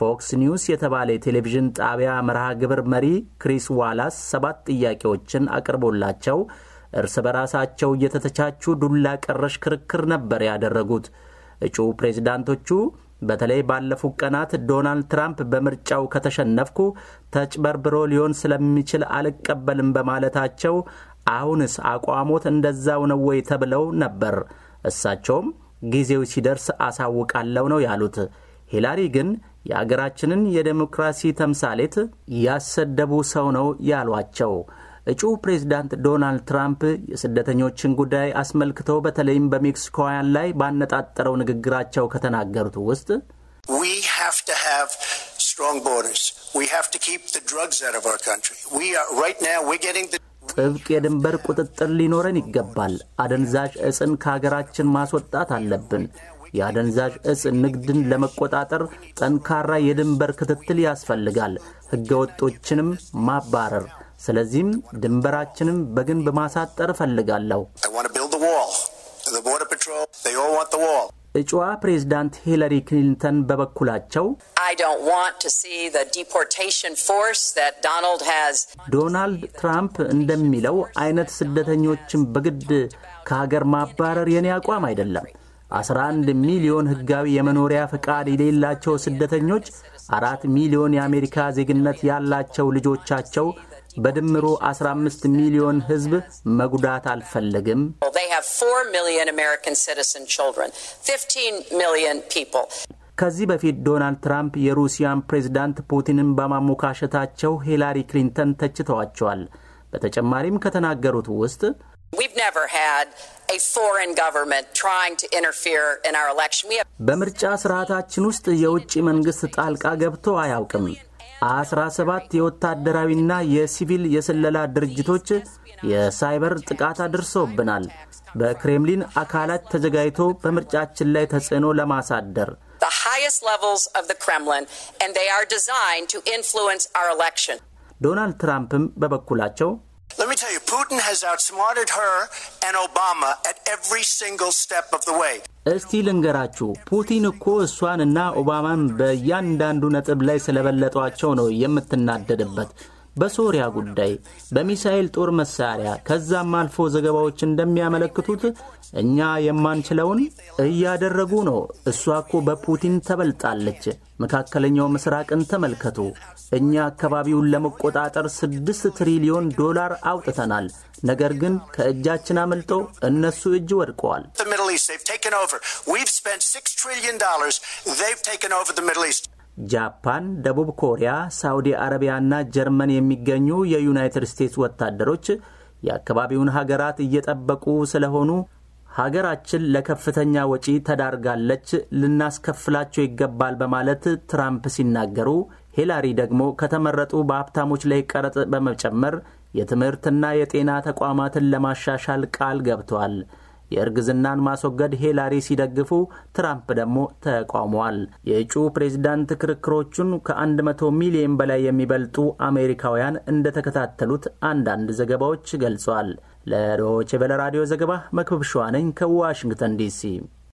ፎክስ ኒውስ የተባለ የቴሌቪዥን ጣቢያ መርሃ ግብር መሪ ክሪስ ዋላስ ሰባት ጥያቄዎችን አቅርቦላቸው እርስ በራሳቸው እየተተቻቹ ዱላ ቀረሽ ክርክር ነበር ያደረጉት። እጩ ፕሬዚዳንቶቹ በተለይ ባለፉት ቀናት ዶናልድ ትራምፕ በምርጫው ከተሸነፍኩ ተጭበርብሮ ሊሆን ስለሚችል አልቀበልም በማለታቸው አሁንስ አቋሞት እንደዛው ነው ወይ ተብለው ነበር። እሳቸውም ጊዜው ሲደርስ አሳውቃለሁ ነው ያሉት። ሂላሪ ግን የአገራችንን የዴሞክራሲ ተምሳሌት ያሰደቡ ሰው ነው ያሏቸው እጩ ፕሬዝዳንት ዶናልድ ትራምፕ የስደተኞችን ጉዳይ አስመልክተው በተለይም በሜክሲኮውያን ላይ ባነጣጠረው ንግግራቸው ከተናገሩት ውስጥ ጥብቅ የድንበር ቁጥጥር ሊኖረን ይገባል። አደንዛዥ እጽን ከሀገራችን ማስወጣት አለብን። የአደንዛዥ እጽ ንግድን ለመቆጣጠር ጠንካራ የድንበር ክትትል ያስፈልጋል፣ ህገወጦችንም ማባረር። ስለዚህም ድንበራችንም በግንብ ማሳጠር እፈልጋለሁ። እጩዋ ፕሬዝዳንት ሂለሪ ክሊንተን በበኩላቸው ዶናልድ ትራምፕ እንደሚለው አይነት ስደተኞችን በግድ ከሀገር ማባረር የኔ አቋም አይደለም 11 ሚሊዮን ህጋዊ የመኖሪያ ፈቃድ የሌላቸው ስደተኞች፣ አራት ሚሊዮን የአሜሪካ ዜግነት ያላቸው ልጆቻቸው በድምሩ 15 ሚሊዮን ህዝብ መጉዳት አልፈለግም። ከዚህ በፊት ዶናልድ ትራምፕ የሩሲያን ፕሬዝዳንት ፑቲንን በማሞካሸታቸው ሂላሪ ክሊንተን ተችተዋቸዋል። በተጨማሪም ከተናገሩት ውስጥ በምርጫ ስርዓታችን ውስጥ የውጭ መንግሥት ጣልቃ ገብቶ አያውቅም። አስራ ሰባት የወታደራዊና የሲቪል የስለላ ድርጅቶች የሳይበር ጥቃት አድርሰውብናል። በክሬምሊን አካላት ተዘጋጅቶ በምርጫችን ላይ ተጽዕኖ ለማሳደር ዶናልድ ትራምፕም በበኩላቸው እስቲ ልንገራችሁ፣ ፑቲን እኮ እሷን እና ኦባማን በእያንዳንዱ ነጥብ ላይ ስለበለጧቸው ነው የምትናደድበት። በሶሪያ ጉዳይ በሚሳኤል ጦር መሳሪያ ከዛም አልፎ ዘገባዎች እንደሚያመለክቱት እኛ የማንችለውን እያደረጉ ነው። እሷ እኮ በፑቲን ተበልጣለች። መካከለኛው ምስራቅን ተመልከቱ። እኛ አካባቢውን ለመቆጣጠር ስድስት ትሪሊዮን ዶላር አውጥተናል። ነገር ግን ከእጃችን አመልጠው እነሱ እጅ ወድቀዋል። ጃፓን፣ ደቡብ ኮሪያ፣ ሳውዲ አረቢያና ጀርመን የሚገኙ የዩናይትድ ስቴትስ ወታደሮች የአካባቢውን ሀገራት እየጠበቁ ስለሆኑ ሀገራችን ለከፍተኛ ወጪ ተዳርጋለች፣ ልናስከፍላቸው ይገባል በማለት ትራምፕ ሲናገሩ፣ ሂላሪ ደግሞ ከተመረጡ በሀብታሞች ላይ ቀረጥ በመጨመር የትምህርትና የጤና ተቋማትን ለማሻሻል ቃል ገብተዋል። የእርግዝናን ማስወገድ ሂላሪ ሲደግፉ፣ ትራምፕ ደግሞ ተቃውመዋል። የእጩ ፕሬዚዳንት ክርክሮቹን ከ100 ሚሊዮን በላይ የሚበልጡ አሜሪካውያን እንደተከታተሉት አንዳንድ ዘገባዎች ገልጸዋል። ለዶቼ ቬለ ራዲዮ ዘገባ መክብብ ሸዋነኝ ከዋሽንግተን ዲሲ